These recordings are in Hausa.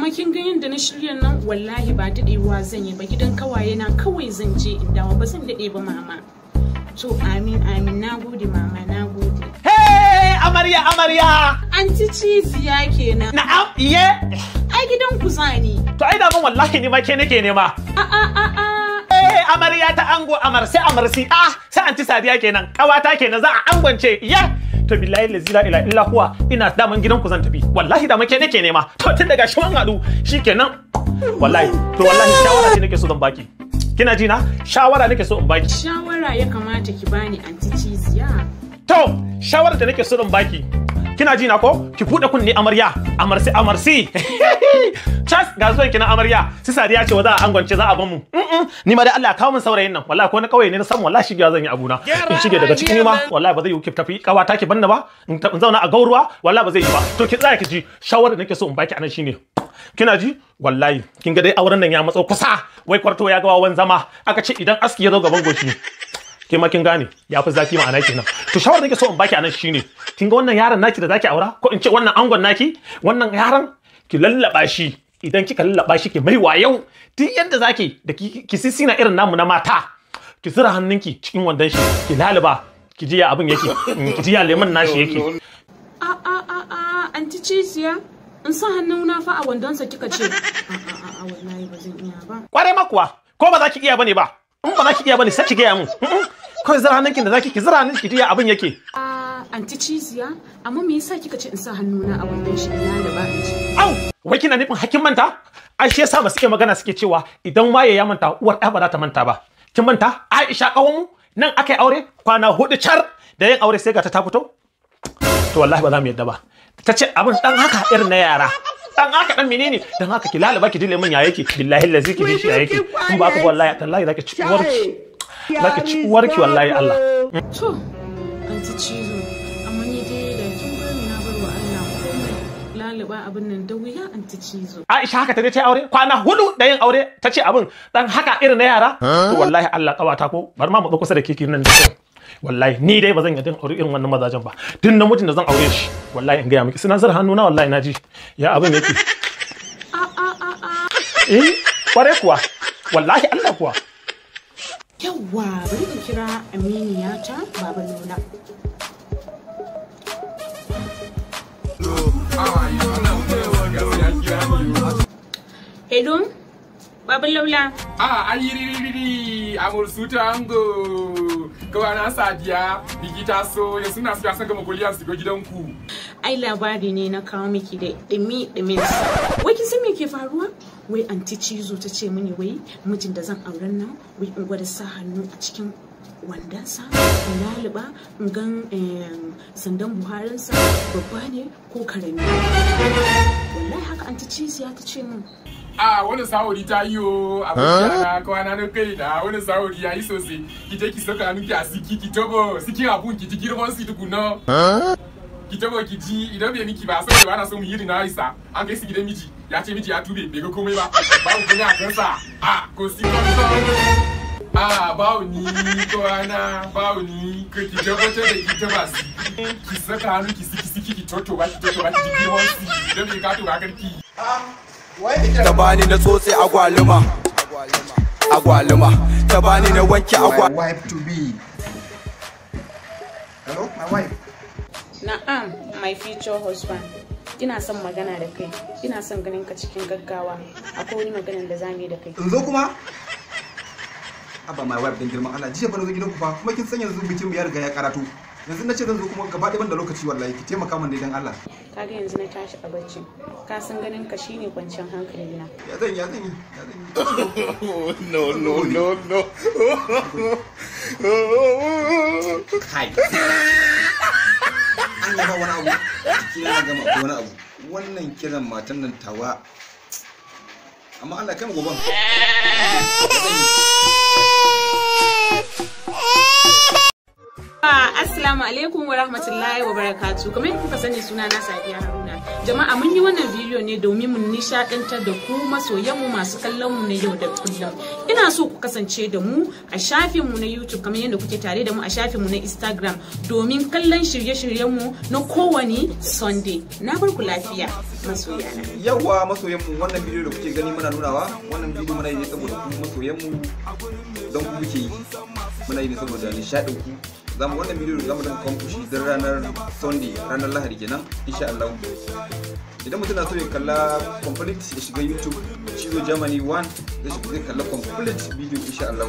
amma kin ga yadda na shirya nan wallahi ba daɗewa zan yi ba gidan kawaye na kawai zan je in dawo ba zan daɗe ba mama to amin amin na gode mama na gode hey amarya amarya anti ciziya kenan na'am iye ai gidan ku zani to ai da ban wallahi ni ma ke nake nema a a a a amarya ta ango amar sai amar si ah sai anti sadiya kenan kawata kenan za a angwance iya to billahi lazi la ilaha illa huwa ina daman gidan ku zan tafi wallahi da make nake nema to tun daga shi hadu shikenan wallahi to wallahi shawara ce nake so zan baki kina ji na shawara nake so in baki shawara ya kamata ki bani anti cheese ya to shawara da nake so zan baki kina ji na ko ki bude kunne amarya amarsi amarsi chas ga zuwan na amarya sai sadiya ce wa za a angonce za a bamu ni ma dai Allah kawo min saurayin nan wallahi ko na kauye ne na san wallahi shige zan yi abuna in shige daga cikin ma wallahi ba zai yi ki tafi kawata ki banna ba in zauna a gauruwa wallahi ba zai yi ba to ki tsaya ki ji shawara nake so in baki anan shine kina ji wallahi kin ga dai auren nan ya matso kusa wai kwarto ya ga wawan zama aka ce idan aski ya zo gaban goshi ke ma kin gane ya fi zafi ma'ana kenan to shawar da ke so in baki anan shine kin ga wannan yaron naki da zaki aura ko in ce wannan angon naki wannan yaron ki lallaba shi idan kika lallaba shi ki mai yau tun yadda zaki da ki sisina irin namu na mata ki zura hannunki cikin wandon shi ki laliba ki ji ya abin yake mm, ki ji ya lemon nashi yake a a a a anti ciziya in sa hannuna fa a wandonsa kika ce a a wallahi ba zan iya ba kware makuwa ko ba za ki iya bane ba in ba za ki iya bane sai ki gaya mun kawai zira hannunki da zaki ki zira hannunki ki abin yake anti ciziya amma me yasa kika ce in sa hannuna a wannan shi da ba au wai kina nufin hakin manta ai shi yasa ba suke magana suke cewa idan waye ya manta uwar ɗa ba za ta manta ba kin manta Aisha kawo mu nan aka aure kwana hudu car da yin aure sai ga ta fito to wallahi ba za mu yadda ba ta ce abin dan haka irin na yara dan haka dan menene dan haka ki lalaba ki dile mun ya yake billahi lazi ki bi shi ya yake in ba ku wallahi tallahi zaki ci uwarki like ci uwarki wallahi Allah to anti cizo amma ni dai da kin na bar wa Allah komai laliba abin nan da wuya anti cizo Aisha haka ta ta aure kwana hudu da yin aure ta ce abin dan haka irin na yara to wallahi Allah kawata ko bar ma mu kusa da kiki nan da wallahi ni dai ba zan yi aure irin wannan mazajen ba duk namijin da zan aure shi wallahi in gaya miki suna zar hannu na wallahi na ji ya abin yake eh kware kuwa wallahi Allah kuwa yawwa bari in kira aminiya ta baba nuna Hello, Baba Laula. Ah, ayiririri, amur sutango. Kawana sadiya, bigita so, ya suna suka san gama kuliyar su gidanku. ai labari ne na kawo miki da dumi dumin wai kin san me ke faruwa wai anti cizo ta ce mini wai mijin da zan auren nan wai in gwada sa hannu a cikin wandansa in laliba in gan sandan sa babba ne ko karami wallahi haka anti cizo ta ce min a wani sahuri ta yi o abokiyana kwana na kai na wani sahuri ya yi sosai ki je ki soka hannun ki a siki ki tobo sikin abun ki ji girman su tukuna ki kiji idan bai miki ba saboda ba na so mu yi na isa an kai su gidan miji ya ce miji ya tube bai ga komai ba babu komai a sa a ko si a bawu ni kowana bawu ni ka ki gabatar da ki taba su ki saka hannu ki siki siki ki toto ba ki toto ba ki ji kiwon su idan bai ba karki. ta bani na tsotse agwaluma agwaluma ta bani na wanke a my wife to be hello my wife na'am my future husband ina son magana da kai ina son ganin ka cikin gaggawa akwai wani maganin da zamu yi da kai zo kuma abba my wife din girman Allah jiya bana zo gidanku fa kuma kin san yanzu bikin mu ya riga ya karatu yanzu na ce zan zo kuma gaba ɗaya da lokaci wallahi ki taimaka min dan Allah ka ga yanzu na tashi a bacci ka san ganin ka shine kwanciyar hankali na ya zan ya zan ya zan no no no no kai an yaba wani abu jiki gama ko wani abu wannan kiran matan nan tawa amma Allah kai mu goban Assalamu alaikum wa rahmatullahi wa barakatu. Kamar kuka sani suna na Sadiya Haruna. Jama'a mun yi wannan bidiyo ne domin mun nishadantar da ku mu masu kallon mu na yau da kullum. Ina so ku kasance da mu a shafin mu na YouTube kamar yadda kuke tare da mu a shafin mu na Instagram domin kallon shirye-shiryen mu na kowane Sunday. Na bar ku lafiya masoyana. Yawwa masoyan mu wannan bidiyo da kuke gani muna nunawa wannan bidiyo muna yi ne saboda ku masoyan mu don ku kuke yi. Muna yi ne saboda nishadin ku zamu wannan bidiyo da zamu dinga kawo shi don ranar sunday ranar lahadi kenan insha Allah idan mutum na so ya kalla complete ya shiga youtube cizo germany 1 zai kalla complete video, insha Allah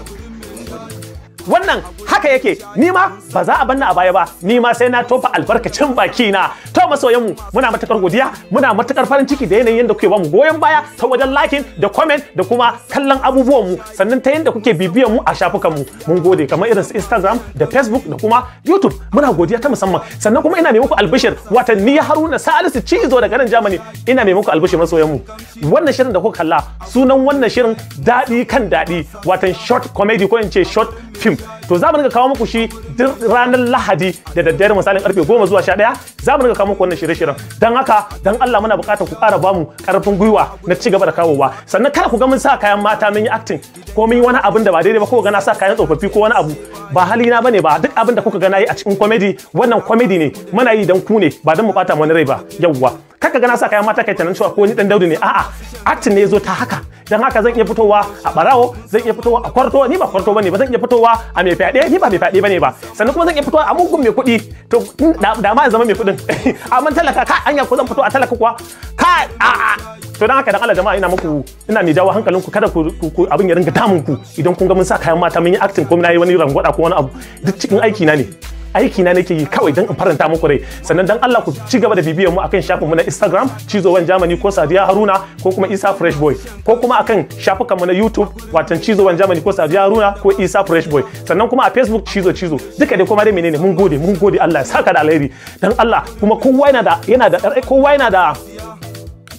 mun gode wannan haka yake ni ma ba za a banna a baya ba ni ma sai na tofa albarkacin baki na to masoyanmu muna matakar godiya muna matakar farin ciki da yanayin yadda kuke ba mu goyon baya ta wajen liking da comment da kuma kallon abubuwan mu sannan ta yadda kuke bibiyan mu a shafukan mu mun gode kamar irin su Instagram da Facebook da kuma YouTube muna godiya ta musamman sannan kuma ina mai muku albishir wata ni Haruna Salisu Cizo daga nan Germany ina mai muku albishir masoyanmu wannan shirin da kuka kalla sunan wannan shirin dadi kan dadi watan short comedy ko in ce short fim to za mu riga kawo muku shi duk ranar lahadi da daddare misalin karfe goma zuwa sha za mu riga kawo muku wannan shirye-shiryen don haka don Allah muna buƙatar ku ƙara bamu karfin gwiwa na ci gaba da kawowa sannan kada ku ga mun sa kayan mata mun yi acting ko mun yi wani abin da ba daidai ba ko ga na sa kayan tsofaffi ko wani abu ba hali na bane ba duk abin da kuka ga nayi a cikin comedy wannan comedy ne muna yi dan ku ne ba dan mu bata wani rai ba yawwa kaka ga na sa kayan mata kai tanan cewa ko ni dan Daudu ne a'a acting ne zo ta haka dan haka zan iya fitowa a barawo zan iya fitowa a kwarto ni ba kwarto bane ba zan iya fitowa a mai fyaɗe ni ba mai fyaɗe bane ba sannan kuma zan iya fitowa a mugun mai kuɗi to da ma zama mai kuɗin amma talaka ka anya ko zan fito a talaka kuwa ka a to dan haka dan Allah jama'a ina muku ina mai jawo hankalinku kada ku abin ya ringa damun ku idan kun ga mun sa kayan mata mun yi acting ko mun yi wani rangwada ko wani abu duk cikin aiki na ne aiki na nake yi kawai don in faranta muku rai sannan dan Allah ku ci gaba da bibiyar mu akan shafin mu na Instagram cizowan Germany ko Sadiya Haruna ko kuma Isa Fresh Boy ko kuma akan shafukan mu na YouTube watan cizowan Germany ko Sadiya Haruna ko Isa Fresh Boy sannan kuma a Facebook cizo cizo duka dai kuma dai menene mun gode mun gode Allah ya saka da alheri dan Allah kuma kowa yana da yana da kowa yana da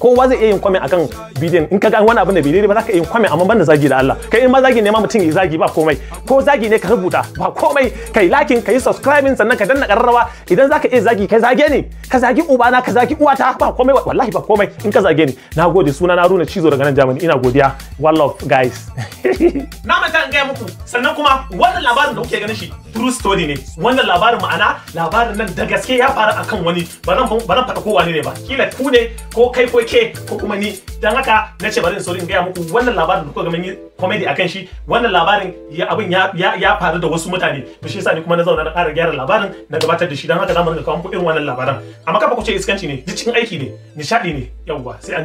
kowa zai iya yin kwame akan bidiyon in ka ga wani abin da bidiyon daidai ba za ka iya yin amma banda zagi da Allah kai in ma zagi ne ma mutum ya zagi ba komai ko zagi ne ka rubuta ba komai kai lakin kai subscribing sannan ka danna kararrawa idan zaka iya zagi kai zage ne ka zagi ubana ka zagi uwata ba komai wallahi ba komai in ka zage na gode suna na runa Cizo daga nan Jamani. ina godiya one love guys na manta in ga muku sannan kuma wannan labarin da kuke ganin shi true story ne wannan labarin ma'ana labarin nan da gaske ya faru akan wani ba baran faɗa kowa ne ba kila ku ne ko kai ko ke ko kuma ni dan haka na ce bari in so in gaya muku wannan labarin da kuka ga yi comedy akan shi wannan labarin ya abin ya ya faru da wasu mutane to shi yasa ni kuma na zauna na ƙara gyara labarin na gabatar da shi dan haka zamu rinka kawo muku irin wannan labaran amma kafa ku ce iskanci ne jicin aiki ne nishadi ne yawwa sai an